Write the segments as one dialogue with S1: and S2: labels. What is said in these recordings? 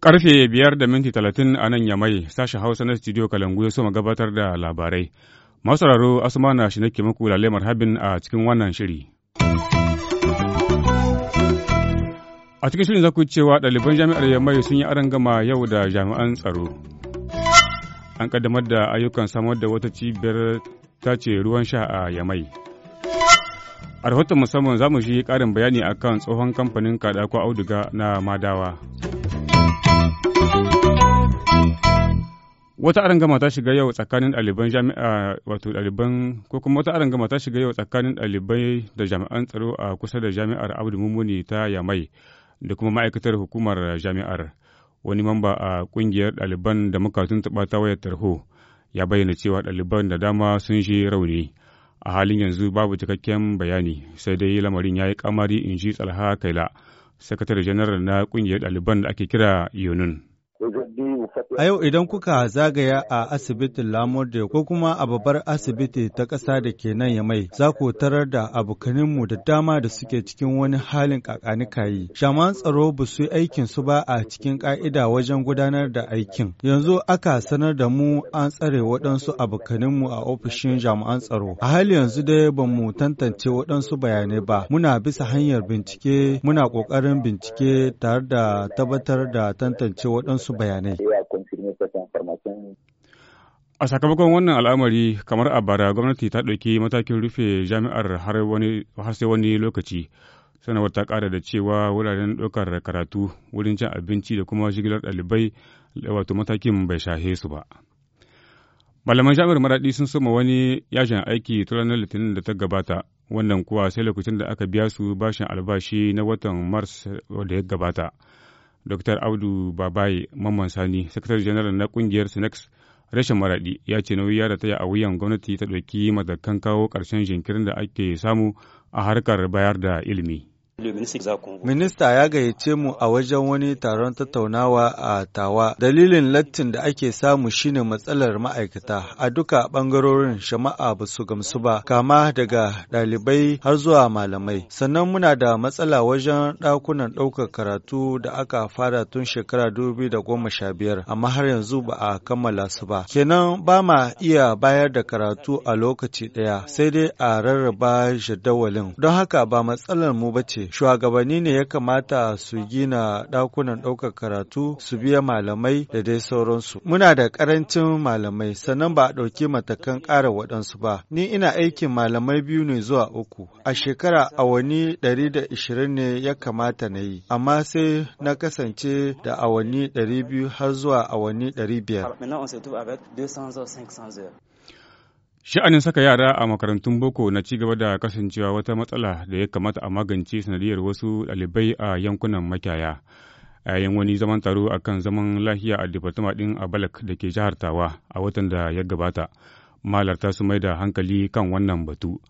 S1: Karfe biyar da minti talatin a nan Yamai, sashen Hausa na studio Kalangu ya soma gabatar da labarai. Masu raro Asuma na shi nake muku marhabin a cikin wannan shiri. A cikin shirin zaku cewa ɗaliban jami'ar Yamai sun yi gama yau da jami'an tsaro. an kaddamar da ayyukan samar da wata cibiyar tace ruwan sha a yamai a rahoton musamman za mu shi ƙarin bayani akan tsohon kamfanin kadako auduga na madawa wata arangama ta shiga yau tsakanin ɗaliban jami'a wato ɗaliban ko kuma wata arangama ta shiga yau tsakanin ɗalibai da jami'an tsaro a kusa da jami'ar abdu mummuni ta yamai da kuma ma'aikatar hukumar jami'ar wani mamba a kungiyar ɗaliban da muka tuntuɓa ta wayar tarho ya bayyana cewa ɗaliban da dama sun shi rauni a halin yanzu babu cikakken bayani sai dai lamarin ya yi kamari in ji tsalha kaila sakatare janar na kungiyar ɗaliban da ake kira yunun.
S2: A yau idan kuka zagaya a asibitin Lamurde ko kuma a babbar asibiti ta ƙasa da ke nan ya mai, za ku tarar da abokaninmu da dama da suke cikin wani halin kakanikayi. Shaman tsaro ba su aikin su ba a cikin ƙa'ida wajen gudanar da aikin. Yanzu aka sanar da mu an tsare waɗansu abokaninmu a ofishin jami'an tsaro. A hali yanzu dai ba mu tantance waɗansu bayanai ba. Muna bisa hanyar bincike, muna ƙoƙarin bincike tare da tabbatar da tantance waɗansu wasu bayanai.
S1: A sakamakon wannan al'amari kamar a bara gwamnati ta ɗauki matakin rufe jami'ar har sai wani lokaci. sanarwar ta ƙara da cewa wuraren ɗaukar karatu wurin cin abinci da kuma jigilar ɗalibai wato matakin bai shahe su ba. Malaman jami'ar maraɗi sun soma wani yajin aiki ta ranar litinin da ta gabata wannan kuwa sai lokacin da aka biya su bashin albashi na watan mars da ya gabata. Dr. audu Babaye Mamman Sani, Sakatare Janar na kungiyar Sinex rashin maraɗi ya ce nauyi ya rataya a wuyan gwamnati ta ɗauki matakan kawo ƙarshen jinkirin da ake samu a harkar bayar da ilimi. Minista
S2: ya gayyace mu a wajen wani taron tattaunawa a Tawa. Dalilin lattin da ake samu shine matsalar ma'aikata. A duka bangarorin shama'a ba su gamsu ba, kama daga ɗalibai har zuwa malamai. Sannan muna da matsala wajen ɗakunan ɗaukar karatu da aka fara tun shekara da goma sha biyar, amma har yanzu ba a kammala su ba. Kenan ba ma iya bayar da karatu a lokaci ɗaya, sai dai a rarraba jadawalin. Don haka ba matsalar mu ba ce, shugabanni ne ya kamata su gina dakunan ɗaukar karatu su biya malamai da dai sauransu. Muna da ƙarancin malamai sannan ba a ɗauki matakan ƙara waɗansu ba. Ni ina aikin malamai biyu ne zuwa uku. A shekara awanni ɗari da ishirin ne ya kamata na yi, amma sai na kasance da awanni ɗari biyu har zuwa awanni ɗari
S1: biyar. Sha'anin saka yara a makarantun boko na ci gaba da kasancewa wata matsala da ya kamata a magance sanadiyar wasu ɗalibai a yankunan makyaya. A yayin wani zaman taro a kan zaman lahiya a Departama ɗin Abalak da ke jihar Tawa a watan da ya gabata, ta su mai da hankali kan wannan batu.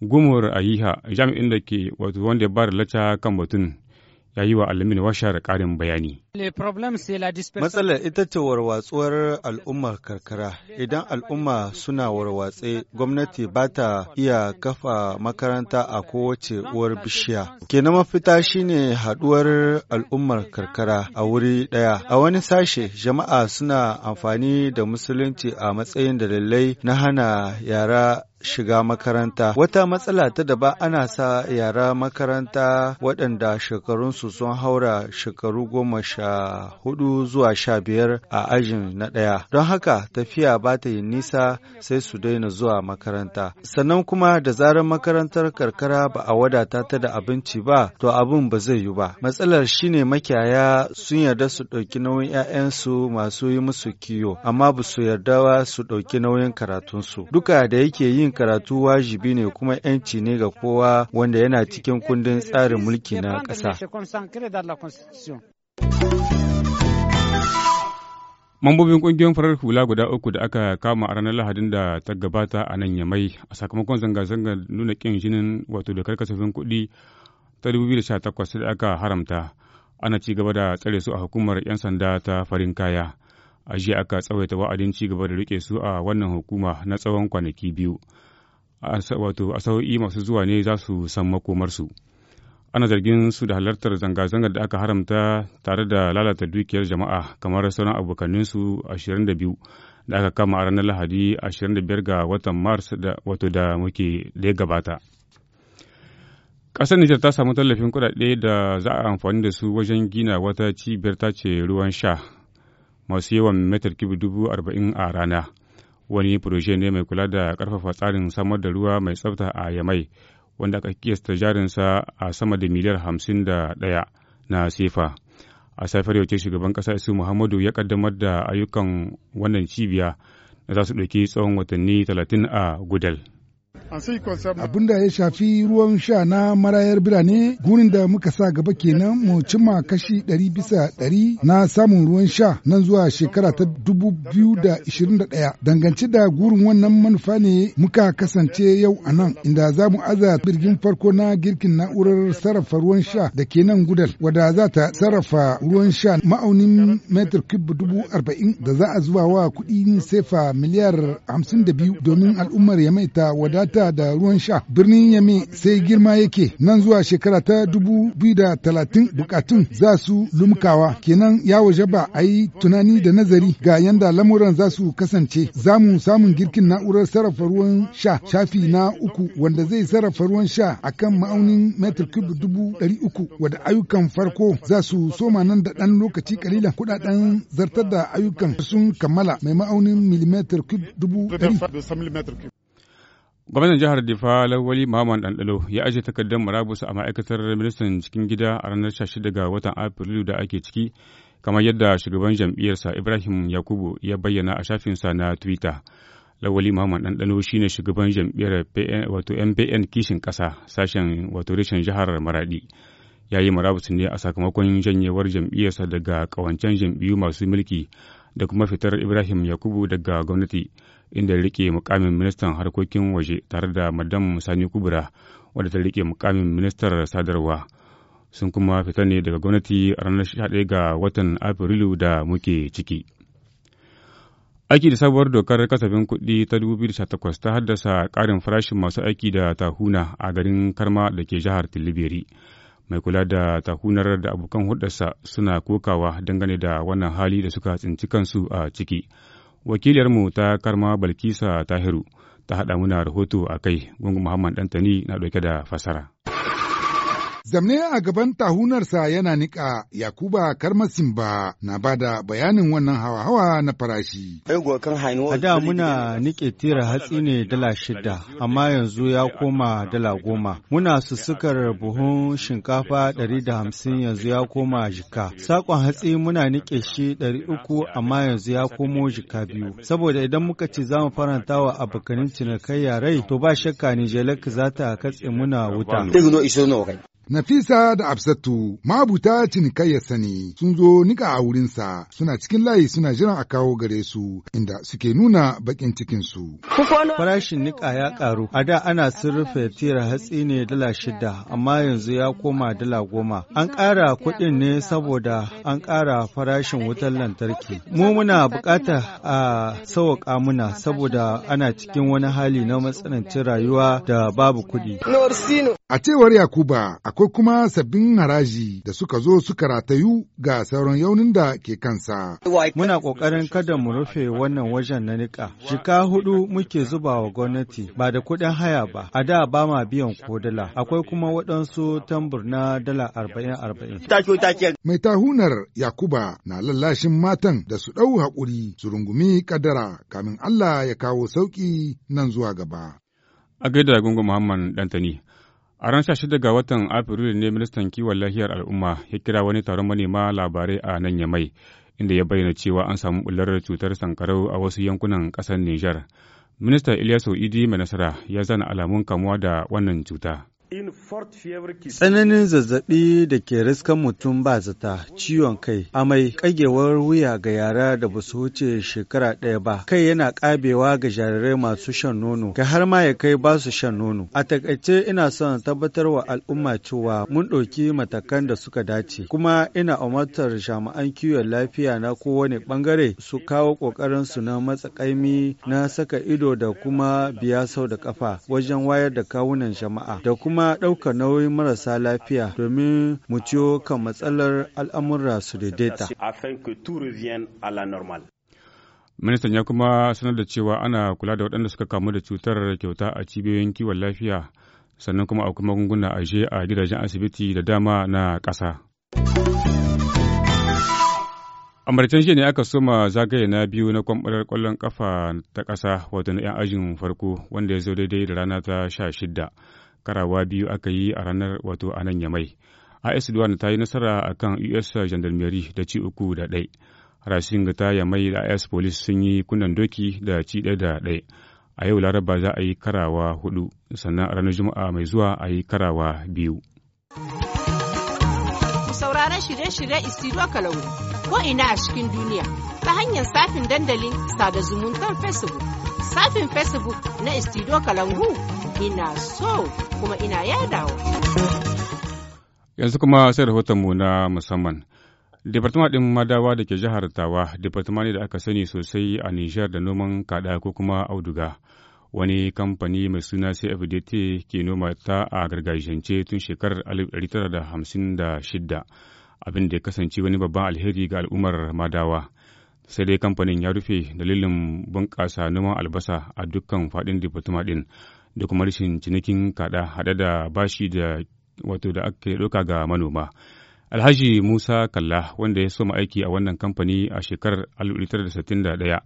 S1: Gumur Ayiha jami'in da ke wato wanda ya bada lacca kan batun ya yi wa alamin washar ƙarin bayani. Matsalar ita ce warwatsuwar
S2: al'ummar karkara. Idan al'umma suna warwatse, gwamnati ba ta iya kafa makaranta a kowace uwar bishiya. na mafita shine haɗuwar al'ummar karkara a wuri ɗaya. A wani sashe, jama'a suna amfani da musulunci a matsayin dalilai na hana yara shiga makaranta. Wata matsala ta daba ana sa yara makaranta waɗanda shekarunsu sun haura shekaru goma sha hudu zuwa sha biyar a ajin na ɗaya. Don haka tafiya ba ta yi nisa sai su daina zuwa makaranta. Sannan kuma da zarar makarantar karkara ba a wadata ta da abinci ba, to abin ba zai yi ba. Matsalar shine makiyaya sun yarda su ɗauki nauyin 'ya'yansu masu yi musu kiyo, amma ba su yarda su ɗauki nauyin karatunsu. Duka da yake yin yin karatu wajibi ne kuma 'yanci ne ga kowa wanda yana cikin kundin tsarin mulki na kasa.
S1: Mambobin ƙungiyar farar hula guda uku da aka kama a ranar Lahadin da ta gabata a nan ya mai a sakamakon zanga-zangar nuna ƙin jinin wato da kasafin kuɗi ta 2018 da aka haramta ana ci gaba da tsare su a hukumar 'yan sanda ta farin kaya. a jiya aka tsawaita wa'adin ci gaba da rike su a wannan hukuma na tsawon kwanaki biyu wato asa'o'i masu zuwa ne za su san makomarsu ana zargin su da halartar zanga-zangar da aka haramta tare da lalata dukiyar jama'a kamar sauran abokaninsu 22 da aka kama a ranar lahadi 25 ga watan mars da wato da muke da ya gabata ƙasar nijar ta samu tallafin kuɗaɗe da za a amfani da su wajen gina wata cibiyar tace ruwan sha masu yawan metar kibi dubu arba'in a rana. Wani furoshe ne mai kula da karfafa tsarin samar da ruwa mai tsafta a Yamai, wanda aka kiyasta jarinsa a sama da miliyar hamsin da ɗaya na sefa. A safiyar yau ce shugaban ƙasa Isu Muhammadu ya ƙaddamar da ayyukan wannan cibiya na za su ɗauki tsawon watanni talatin a Gudal.
S3: Abin da ya shafi ruwan sha na marayar birane gurin da muka sa gaba kenan mu cima kashi 100 bisa 100 na samun ruwan sha nan zuwa shekara ta 2021 dangance da gurin wannan manufa ne muka kasance yau a nan inda za mu aza birgin farko na girkin na'urar sarrafa ruwan sha da ke nan gudal wadda za ta sarrafa ruwan sha ma'aunin metar kub dubu da za a zuba wa kudin sefa miliyar 52 domin al'ummar ya maita wada wadata da ruwan sha birnin Yame sai girma yake nan zuwa shekara ta dubu biyu da talatin bukatun za su lumkawa kenan ya waje ba a yi tunani da nazari ga yanda lamuran za su kasance za mu samun girkin na'urar sarrafa ruwan sha shafi na uku wanda zai sarrafa ruwan sha akan ma'aunin metar cube dubu ɗari uku wadda ayyukan farko za su soma nan da ɗan lokaci kalilan kuɗaɗen zartar da ayyukan sun kammala mai ma'aunin milimetar cube dubu ɗari.
S1: Gwamnan jihar Difa Lawali muhammad Dandalo ya ajiye takardar murabus a ma'aikatar ministan cikin gida a ranar 16 ga watan Afrilu da ake ciki, kamar yadda shugaban jam'iyyarsa Ibrahim Yakubu ya bayyana a shafin shafinsa na Twitter. Lawali muhammad Dandalo shine shugaban jam'iyyar wato MPN kishin kasa sashen wato reshen jihar Maradi. Ya yi murabus ne a sakamakon janyewar jam'iyyarsa daga kawancen jam'iyyu masu mulki da kuma fitar Ibrahim Yakubu daga gwamnati. inda ya rike mukamin ministan harkokin waje tare da madam sani kubura wadda ta rike mukamin ministar sadarwa sun kuma fita ne daga gwamnati a ranar 11 ga watan afrilu da muke ciki aiki da sabuwar dokar kasafin kuɗi ta 2018 ta haddasa ƙarin farashin masu aiki da tahuna a garin karma da ke jihar tilibiri mai kula da tahunar da abokan hudarsa suna kokawa dangane da wannan hali da suka tsinci kansu a ciki. Wakilarmu ta Karma Balkisa Tahiru ta haɗa muna rahoto a kai, Gungun Muhammad Dantani na ɗauke da fasara.
S3: Zamne a gaban tahunarsa yana niƙa Yakuba Karmasin ba na ba da bayanin wannan hawa-hawa na farashi.
S2: A da muna niƙe tira hatsi ne dala shida, amma yanzu ya koma dala goma. Muna sukar buhun shinkafa ɗari da hamsin yanzu ya koma jika. Sakon hatsi muna niƙe shi ɗari uku amma yanzu ya komo jika biyu. Saboda idan muka ce za mu faranta wa abokanin cinikayya rai to ba shakka Nijelek za ta katse muna wuta.
S3: Nafisa da Absatu mabuta cinikayyar sani sun zo nika a wurinsa suna cikin layi suna jiran a kawo gare su inda suke nuna bakin cikinsu.
S2: Farashin nika ya karu, a da ana sirrufe tira hatsi ne dala shida amma yanzu ya koma dala goma. An ƙara kuɗin ne saboda an ƙara farashin wutar lantarki. Mu muna buƙata a sauƙa muna saboda ana cikin wani hali na matsanancin rayuwa
S3: da babu kuɗi. A cewar Yakuba Akwai kuma sabbin haraji da suka zo suka ratayu ga sauran yaunin da ke kansa.
S2: Muna ƙoƙarin kada mu rufe wannan wajen na niƙa. Shika hudu muke zuba wa gwamnati ba da kuɗin haya ba, a da ba ma biyan ko dala, akwai kuma waɗansu tambur na dala arba'in arba'in.
S3: Mai tahunar Yakuba na lallashin matan da su ɗau haƙuri su rungumi kadara kamin Allah ya kawo sauƙi nan zuwa gaba. A gaida
S1: gungun Muhammad Dantani. A ran 16 ga watan Afrilu ne ministan kiwon lafiyar al'umma ya kira wani taron manema labarai a nan Yamai, inda ya bayyana cewa an samu bullar cutar sankarau a wasu yankunan ƙasar Nijar. Minista Ilyasu Idi Manasara nasara ya zana alamun kamuwa da wannan cuta. Tsananin zazzaɓi da ke riskan
S2: mutum ba zata, ciwon kai, amai, ƙagewar wuya ga yara da ba su wuce shekara ɗaya ba, kai yana ƙabewa ga jarirai masu shan nono, ga har ma ya kai ba su shan nono. A takaice ina son tabbatar wa al'umma cewa mun ɗauki matakan da suka dace, kuma ina umartar jami'an kiwon lafiya na kowane ɓangare su kawo ƙoƙarin su na matsakaimi na saka ido da kuma biya sau da ƙafa wajen wayar da kawunan jama'a da kuma kuma ɗaukar nauyin marasa lafiya domin mu ciyo kan matsalar al'amura su daidaita.
S1: Ministan ya kuma sanar da cewa ana kula da waɗanda suka kamu da cutar kyauta a cibiyoyin kiwon lafiya sannan kuma akwai magunguna a a gidajen asibiti da dama na ƙasa. a maricen jiya ne aka soma zagaye na biyu na kwamɓarar ƙwallon ƙafa ta ƙasa wato 'yan ajin farko wanda ya zo daidai da rana ta sha shida karawa biyu aka yi a ranar wato a nan yamai as duan ta yi nasara a kan us gendarmerie da ci uku da ɗai racing ta yamai da as police sun yi kunan doki da ci ɗaya da ɗai a yau laraba za a yi karawa hudu sannan a ranar juma'a mai zuwa a yi karawa biyu
S2: sauraron shirye-shirye istiriyar kalangu ko ina a cikin duniya ta hanyar safin dandalin sada zumuntar facebook shafin facebook na istido kalangu
S4: ina so kuma ina yadawa.
S1: yanzu kuma sai rahotonmu na musamman Departama ɗin Madawa da ke jihar Tawa, departama ne da aka sani sosai a Nijar da noman kaɗa ko kuma auduga. Wani kamfani mai suna CFDT ke noma ta a gargajiyance tun shekarar 1956, abin da ya kasance wani babban alheri ga al'ummar Madawa. sai dai kamfanin ya rufe dalilin bunƙasa noman albasa a dukkan faɗin diploma ɗin da kuma rashin cinikin kaɗa haɗe da bashi da wato da ake ɗauka ga manoma. Alhaji Musa Kalla wanda ya soma aiki a wannan kamfani a shekarar 1961 ya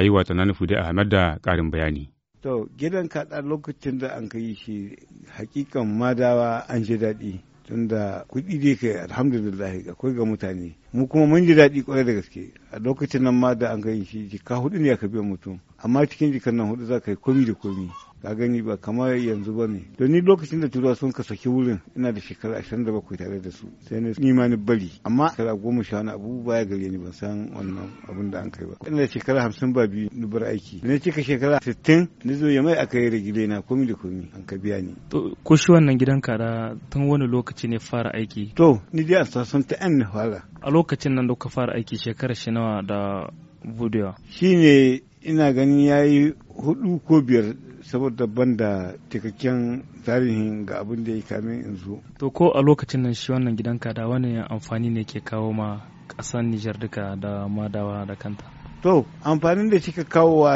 S1: yi wata nufi da Ahmed da ƙarin bayani.
S5: To gidan kaɗa lokacin da an kai shi hakikan madawa an ji daɗi tunda kuɗi dai kai alhamdulillah akwai ga mutane. mu kuma mun ji daɗi kwarai da gaske a lokacin nan ma da an gani shi jika hudu ne aka biya mutum amma cikin jikan nan hudu za ka yi komi da komi ka gani ba kamar yanzu ba ne don ni lokacin da turawa sun ka saki wurin ina da shekara ashirin da bakwai tare da su sai na nima ni bari amma shekara goma sha wani abu baya gare ni ban san wannan abin da an kai ba ina da shekara hamsin ba biyu ni bar aiki na cika shekara sittin ni zo ya mai aka yi rigile na komi da komi an ka biya ni.
S4: to ko shi wannan gidan kara tun wani lokaci ne fara aiki. to ni dai a sasan ta yan fara a lokacin nan da kuka fara aiki shekarar shi nawa da budewa
S5: Shi ne ina ganin yi hudu ko biyar saboda ban da cikakken tarihin ga abin da ya kame in zo
S4: to ko a lokacin nan shi wannan gidan da wani amfani
S5: ne ke kawo ma ƙasar Nijar duka da madawa da kanta to amfanin da kika kawo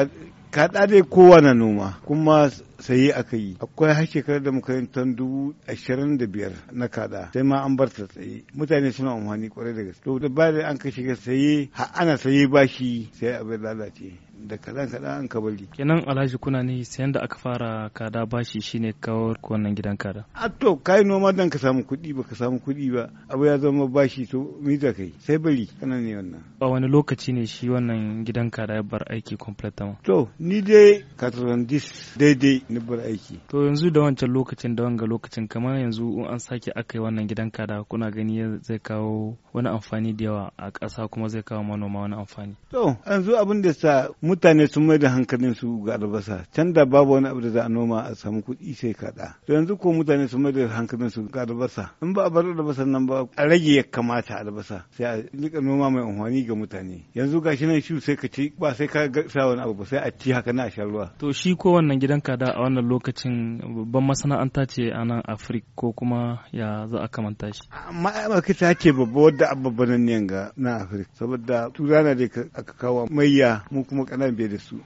S5: kaɗa dai kowane noma kuma saye aka yi akwai hakikar da muka dubu ashirin da biyar na kada sai ma an bar ta tsaye mutane suna amfani kwarai da gaske to da bayan an kashe saye ha ana saye bashi sai abin lalace da kaɗan kaɗan an ka bari
S4: kenan alhaji kuna ne sayan da aka fara kada bashi shine kawar wannan gidan kada
S5: a to kai noma dan ka samu kuɗi ba ka samu kuɗi ba abu ya zama bashi to mi za kai sai bari kana ne wannan a wani lokaci ne shi wannan gidan kada ya bar aiki complete to ni dai 90 daidai ni bar aiki to
S4: yanzu da wancan lokacin da wanga lokacin kamar yanzu in an sake aka yi wannan gidan kada kuna gani zai kawo wani amfani da yawa a ƙasa kuma zai kawo manoma wani amfani
S5: to yanzu abin da sa mutane sun mai da hankalin su ga albasa can da babu wani abu da za a noma a samu kuɗi sai kaɗa to yanzu ko mutane sun mai da hankalin su ga albasa in ba a bar albasa nan ba a rage ya kamata albasa sai a rika noma mai amfani ga mutane yanzu gashi nan shi sai ka ci ba sai ka sa wani abu ba sai a ci haka na a sha ruwa
S4: to shi ko wannan gidan kada a wannan lokacin babban masana'anta ce a nan Afirka ko kuma ya za a kamanta shi
S5: ma'aikata ce babba wadda abba ne ga na Afirka saboda turana da aka kawo mayya mu
S1: kuma nan bai da su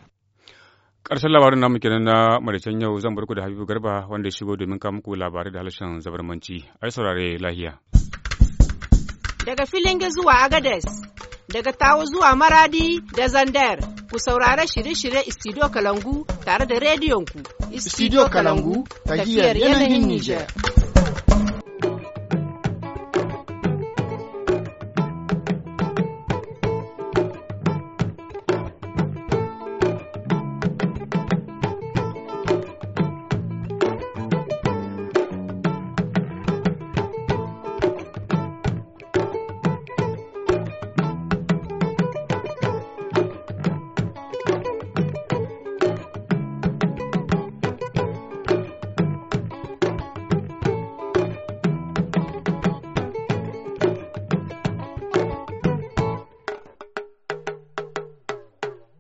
S1: ƙarshen labarin namu kenan na maraicen yau zan barku da habibu garba wanda ya shigo domin kawo muku labarai da halashen zabarmanci ai saurare lahiya
S2: daga filinge zuwa agades daga tawo zuwa maradi da zandar ku saurara shirye-shirye studio kalangu tare da rediyonku studio kalangu
S5: tafiyar yanayin Nijar.